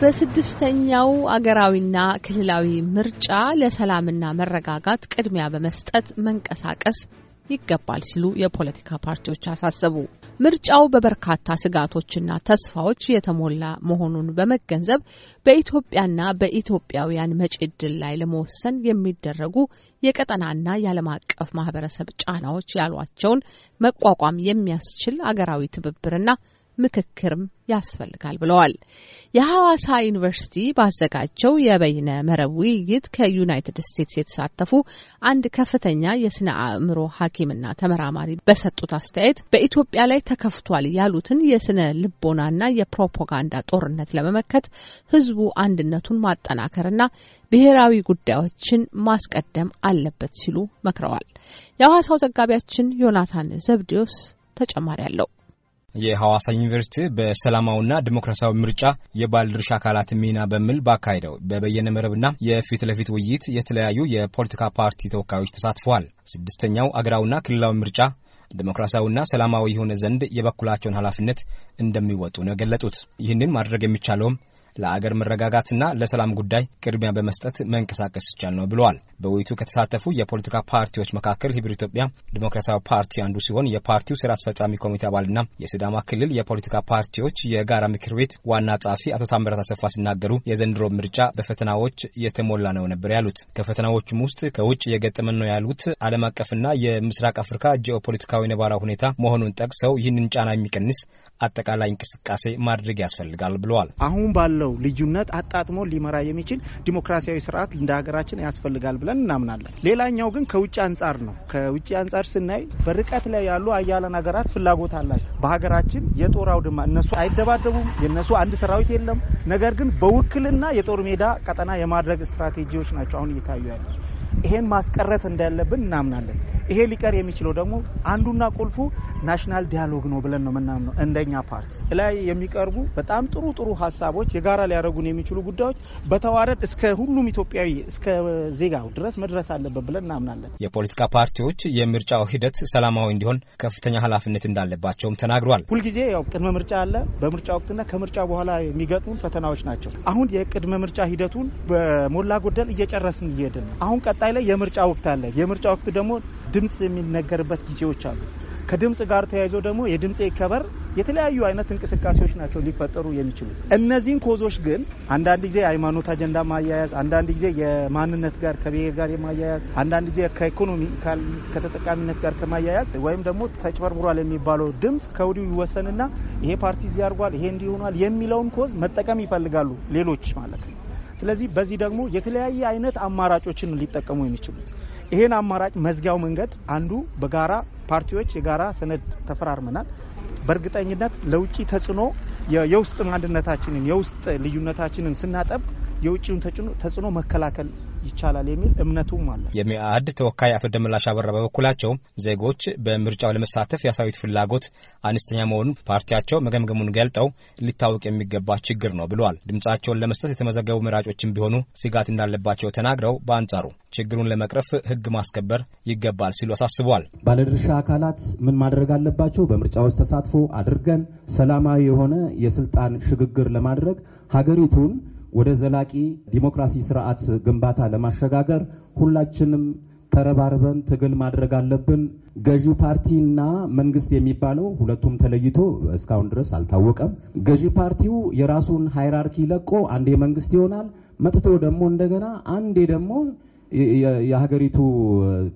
በስድስተኛው አገራዊና ክልላዊ ምርጫ ለሰላምና መረጋጋት ቅድሚያ በመስጠት መንቀሳቀስ ይገባል ሲሉ የፖለቲካ ፓርቲዎች አሳሰቡ። ምርጫው በበርካታ ስጋቶችና ተስፋዎች የተሞላ መሆኑን በመገንዘብ በኢትዮጵያና በኢትዮጵያውያን መጪ ላይ ለመወሰን የሚደረጉ የቀጠናና የዓለም አቀፍ ማህበረሰብ ጫናዎች ያሏቸውን መቋቋም የሚያስችል አገራዊ ትብብርና ምክክርም ያስፈልጋል ብለዋል። የሐዋሳ ዩኒቨርሲቲ ባዘጋጀው የበይነ መረብ ውይይት ከዩናይትድ ስቴትስ የተሳተፉ አንድ ከፍተኛ የስነ አእምሮ ሐኪምና ተመራማሪ በሰጡት አስተያየት በኢትዮጵያ ላይ ተከፍቷል ያሉትን የስነ ልቦናና የፕሮፓጋንዳ ጦርነት ለመመከት ህዝቡ አንድነቱን ማጠናከርና ብሔራዊ ጉዳዮችን ማስቀደም አለበት ሲሉ መክረዋል። የሐዋሳው ዘጋቢያችን ዮናታን ዘብዲዮስ ተጨማሪ አለው። የሐዋሳ ዩኒቨርሲቲ በሰላማዊና ዲሞክራሲያዊ ምርጫ የባለድርሻ አካላት ሚና በሚል ባካሄደው በበየነ መረብና የፊት ለፊት ውይይት የተለያዩ የፖለቲካ ፓርቲ ተወካዮች ተሳትፈዋል። ስድስተኛው አገራዊና ክልላዊ ምርጫ ዲሞክራሲያዊና ሰላማዊ የሆነ ዘንድ የበኩላቸውን ኃላፊነት እንደሚወጡ ነው የገለጡት። ይህንን ማድረግ የሚቻለውም ለአገር መረጋጋትና ለሰላም ጉዳይ ቅድሚያ በመስጠት መንቀሳቀስ ይቻል ነው ብለዋል። በውይይቱ ከተሳተፉ የፖለቲካ ፓርቲዎች መካከል ህብር ኢትዮጵያ ዲሞክራሲያዊ ፓርቲ አንዱ ሲሆን የፓርቲው ስራ አስፈጻሚ ኮሚቴ አባልና የስዳማ ክልል የፖለቲካ ፓርቲዎች የጋራ ምክር ቤት ዋና ጸሐፊ አቶ ታምራት አሰፋ ሲናገሩ የዘንድሮ ምርጫ በፈተናዎች የተሞላ ነው ነበር ያሉት። ከፈተናዎቹም ውስጥ ከውጭ የገጠመን ነው ያሉት ዓለም አቀፍና የምስራቅ አፍሪካ ጂኦፖለቲካዊ ነባራዊ ሁኔታ መሆኑን ጠቅሰው ይህንን ጫና የሚቀንስ አጠቃላይ እንቅስቃሴ ማድረግ ያስፈልጋል ብለዋል። አሁን ባለው ያለው ልዩነት አጣጥሞ ሊመራ የሚችል ዲሞክራሲያዊ ስርዓት እንደ ሀገራችን ያስፈልጋል ብለን እናምናለን። ሌላኛው ግን ከውጭ አንጻር ነው። ከውጭ አንጻር ስናይ በርቀት ላይ ያሉ አያለን ሀገራት ፍላጎት አላቸው። በሀገራችን የጦር አውድማ እነሱ አይደባደቡም፣ የእነሱ አንድ ሰራዊት የለም። ነገር ግን በውክልና የጦር ሜዳ ቀጠና የማድረግ ስትራቴጂዎች ናቸው አሁን እየታዩ ያለ። ይሄን ማስቀረት እንዳለብን እናምናለን። ይሄ ሊቀር የሚችለው ደግሞ አንዱና ቁልፉ ናሽናል ዲያሎግ ነው ብለን ነው የምናምነው። እንደኛ ፓርቲ ላይ የሚቀርቡ በጣም ጥሩ ጥሩ ሀሳቦች የጋራ ሊያደርጉን የሚችሉ ጉዳዮች በተዋረድ እስከ ሁሉም ኢትዮጵያዊ እስከ ዜጋው ድረስ መድረስ አለበት ብለን እናምናለን። የፖለቲካ ፓርቲዎች የምርጫው ሂደት ሰላማዊ እንዲሆን ከፍተኛ ኃላፊነት እንዳለባቸውም ተናግሯል። ሁልጊዜ ያው ቅድመ ምርጫ አለ። በምርጫ ወቅትና ከምርጫ በኋላ የሚገጥሙን ፈተናዎች ናቸው። አሁን የቅድመ ምርጫ ሂደቱን በሞላ ጎደል እየጨረስን እየሄድን ነው። አሁን ቀጣይ ላይ የምርጫ ወቅት አለ። የምርጫ ወቅት ደግሞ ድምፅ የሚነገርበት ጊዜዎች አሉ። ከድምፅ ጋር ተያይዞ ደግሞ የድምፅ ይከበር የተለያዩ አይነት እንቅስቃሴዎች ናቸው ሊፈጠሩ የሚችሉ። እነዚህን ኮዞች ግን አንዳንድ ጊዜ ሃይማኖት አጀንዳ ማያያዝ፣ አንዳንድ ጊዜ የማንነት ጋር ከብሔር ጋር የማያያዝ፣ አንዳንድ ጊዜ ከኢኮኖሚ ከተጠቃሚነት ጋር ከማያያዝ ወይም ደግሞ ተጭበርብሯል የሚባለው ድምፅ ከወዲሁ ይወሰንና ይሄ ፓርቲ እዚህ አድርጓል፣ ይሄ እንዲሆኗል የሚለውን ኮዝ መጠቀም ይፈልጋሉ ሌሎች ማለት ነው። ስለዚህ በዚህ ደግሞ የተለያየ አይነት አማራጮችን ሊጠቀሙ የሚችሉት ይሄን አማራጭ መዝጊያው መንገድ አንዱ በጋራ ፓርቲዎች የጋራ ሰነድ ተፈራርመናል። በእርግጠኝነት ለውጭ ተጽዕኖ የውስጥ አንድነታችንን የውስጥ ልዩነታችንን ስናጠብ የውጭውን ተጽዕኖ መከላከል ይቻላል የሚል እምነቱም አለ። የሚአድ ተወካይ አቶ ደመላሽ አበራ በበኩላቸው ዜጎች በምርጫው ለመሳተፍ ያሳዩት ፍላጎት አነስተኛ መሆኑን ፓርቲያቸው መገምገሙን ገልጠው ሊታወቅ የሚገባ ችግር ነው ብለዋል። ድምጻቸውን ለመስጠት የተመዘገቡ መራጮችን ቢሆኑ ስጋት እንዳለባቸው ተናግረው በአንጻሩ ችግሩን ለመቅረፍ ህግ ማስከበር ይገባል ሲሉ አሳስቧል። ባለድርሻ አካላት ምን ማድረግ አለባቸው? በምርጫ ውስጥ ተሳትፎ አድርገን ሰላማዊ የሆነ የስልጣን ሽግግር ለማድረግ ሀገሪቱን ወደ ዘላቂ ዲሞክራሲ ስርዓት ግንባታ ለማሸጋገር ሁላችንም ተረባርበን ትግል ማድረግ አለብን። ገዢው ፓርቲና መንግስት የሚባለው ሁለቱም ተለይቶ እስካሁን ድረስ አልታወቀም። ገዢ ፓርቲው የራሱን ሃይራርኪ ለቆ አንዴ መንግስት ይሆናል፣ መጥቶ ደግሞ እንደገና አንዴ ደግሞ የሀገሪቱ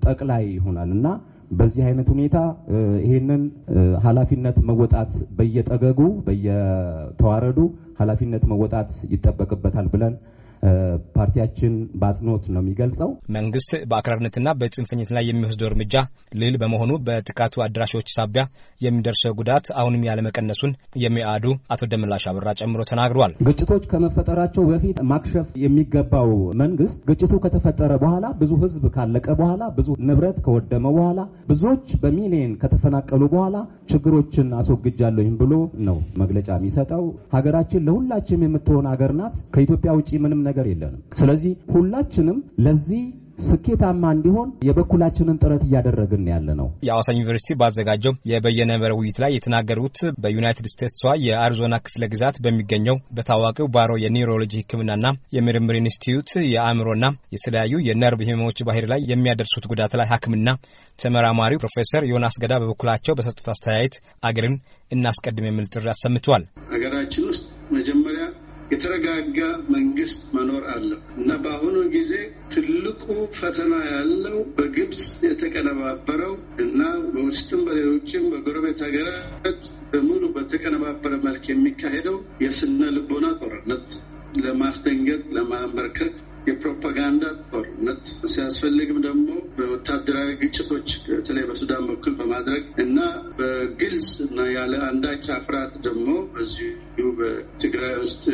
ጠቅላይ ይሆናል እና በዚህ አይነት ሁኔታ ይሄንን ኃላፊነት መወጣት በየጠገጉ በየተዋረዱ ኃላፊነት መወጣት ይጠበቅበታል ብለን ፓርቲያችን በአጽንኦት ነው የሚገልጸው። መንግስት በአክራርነትና በጽንፈኝነት ላይ የሚወስደው እርምጃ ልል በመሆኑ በጥቃቱ አድራሾች ሳቢያ የሚደርሰው ጉዳት አሁንም ያለመቀነሱን የሚያዱ አቶ ደመላሽ አበራ ጨምሮ ተናግሯል። ግጭቶች ከመፈጠራቸው በፊት ማክሸፍ የሚገባው መንግስት ግጭቱ ከተፈጠረ በኋላ ብዙ ህዝብ ካለቀ በኋላ ብዙ ንብረት ከወደመ በኋላ ብዙዎች በሚሊየን ከተፈናቀሉ በኋላ ችግሮችን አስወግጃለሁኝ ብሎ ነው መግለጫ የሚሰጠው። ሀገራችን ለሁላችንም የምትሆን ሀገር ናት። ከኢትዮጵያ ውጭ ምንም ነገር የለንም። ስለዚህ ሁላችንም ለዚህ ስኬታማ እንዲሆን የበኩላችንን ጥረት እያደረግን ያለ ነው። የአዋሳ ዩኒቨርሲቲ ባዘጋጀው የበየነ መረብ ውይይት ላይ የተናገሩት በዩናይትድ ስቴትሷ የአሪዞና ክፍለ ግዛት በሚገኘው በታዋቂው ባሮ የኒውሮሎጂ ሕክምናና የምርምር ኢንስቲትዩት የአእምሮና የተለያዩ የነርቭ ህመሞች ባህሪ ላይ የሚያደርሱት ጉዳት ላይ ሐክምና ተመራማሪው ፕሮፌሰር ዮናስ ገዳ በበኩላቸው በሰጡት አስተያየት አገርን እናስቀድም የሚል ጥሪ አሰምተዋል። ሀገራችን ውስጥ መጀመሪያ የተረጋጋ መንግስት መኖር አለው እና በአሁኑ ጊዜ ትልቁ ፈተና ያለው በግብፅ የተቀነባበረው እና በውስጥም በሌሎችም በጎረቤት ሀገራት በሙሉ በተቀነባበረ መልክ የሚካሄደው የስነ ልቦና ጦርነት ለማስደንገጥ፣ ለማንበርከክ የፕሮፓጋንዳ ጦርነት ሲያስፈልግም ደግሞ በወታደራዊ ግጭቶች በተለይ በሱዳን በኩል በማድረግ እና በግልጽ እና ያለ አንዳች አፍራት ደግሞ በዚሁ በትግራይ ውስጥ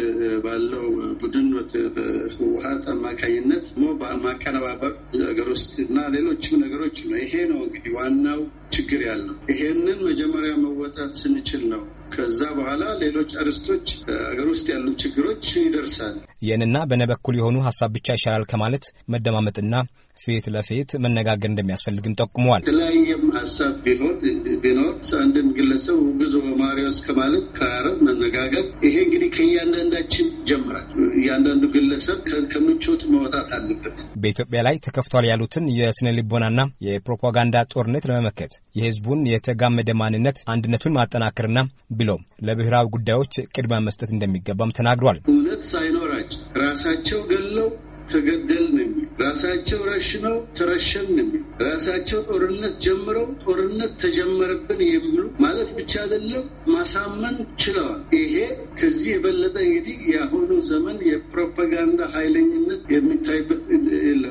ባለው ቡድን በህወሀት አማካኝነት በማቀነባበር ሀገር ውስጥ እና ሌሎችም ነገሮች ነው። ይሄ ነው እንግዲህ ዋናው ችግር ያለው። ይሄንን መጀመሪያ መወጣት ስንችል ነው ከዛ በኋላ ሌሎች አርስቶች ሀገር ውስጥ ያሉ ችግሮች ይደርሳል። ይህንና በእኔ በኩል የሆኑ ሀሳብ ብቻ ይሻላል ከማለት መደማመጥና ፊት ለፊት መነጋገር እንደሚያስፈልግም ጠቁመዋል። የተለያየም ሀሳብ ቢሆን ቢኖር አንድን ግለሰብ ብዙ በማሪዎስ ከማለት ከራረብ መነጋገር፣ ይሄ እንግዲህ ከእያንዳንዳችን ጀምራል። እያንዳንዱ ግለሰብ ከምቾት መውጣት አለበት። በኢትዮጵያ ላይ ተከፍቷል ያሉትን የስነ ልቦናና የፕሮፓጋንዳ ጦርነት ለመመከት የህዝቡን የተጋመደ ማንነት አንድነቱን ማጠናከርና ብሎም ለብሔራዊ ጉዳዮች ቅድመ መስጠት እንደሚገባም ተናግሯል። እውነት ሳይኖራቸው ራሳቸው ገለው ተገደልን የሚል ራሳቸው ረሽነው ተረሸንን የሚል ራሳቸው ጦርነት ጀምረው ጦርነት ተጀመረብን የሚሉ ማለት ብቻ አይደለም ማሳመን ችለዋል። ይሄ ከዚህ የበለጠ እንግዲህ የአሁኑ ዘመን የፕሮፓጋንዳ ኃይለኝነት የሚታይበት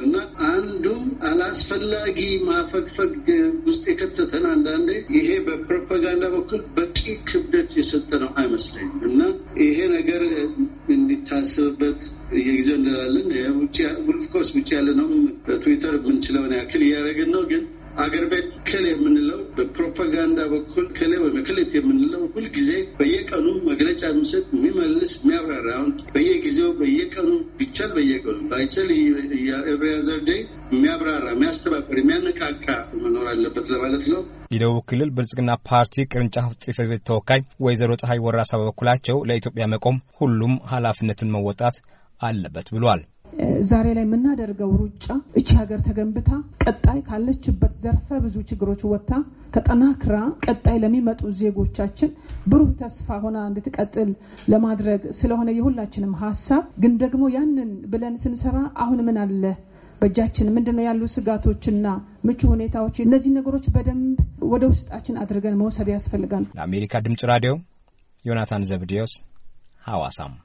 እና አንዱም አላስፈላጊ ማፈግፈግ በማለት በየጊዜው እንላለን። ውጭ ውልፍኮስ ውጭ ያለ ነው በትዊተር የምንችለውን ያክል እያደረግን ነው ግን አገር ቤት ክል የምንለው በፕሮፓጋንዳ በኩል ክል ወይም ክልት የምንለው ሁልጊዜ በየቀኑ መግለጫ የሚሰጥ የሚመልስ የሚያብራራውን በየጊዜው በየቀኑ ቢቻል በየቀኑ ባይቻል ኤቭሪ አዘር የሚያብራራ የሚያስተባበር የሚያነቃቃ መኖር አለበት ለማለት ነው። የደቡብ ክልል ብልጽግና ፓርቲ ቅርንጫፍ ጽሕፈት ቤት ተወካይ ወይዘሮ ፀሐይ ወራሳ በበኩላቸው ለኢትዮጵያ መቆም ሁሉም ኃላፊነቱን መወጣት አለበት ብሏል። ዛሬ ላይ የምናደርገው ሩጫ እቺ ሀገር ተገንብታ ቀጣይ ካለችበት ዘርፈ ብዙ ችግሮች ወጥታ ተጠናክራ ቀጣይ ለሚመጡ ዜጎቻችን ብሩህ ተስፋ ሆና እንድትቀጥል ለማድረግ ስለሆነ የሁላችንም ሀሳብ ግን ደግሞ ያንን ብለን ስንሰራ አሁን ምን አለ በእጃችን ምንድነው ያሉ ስጋቶችና ምቹ ሁኔታዎች፣ እነዚህ ነገሮች በደንብ ወደ ውስጣችን አድርገን መውሰድ ያስፈልጋል። ለአሜሪካ ድምጽ ራዲዮ ዮናታን ዘብዲዮስ ሐዋሳም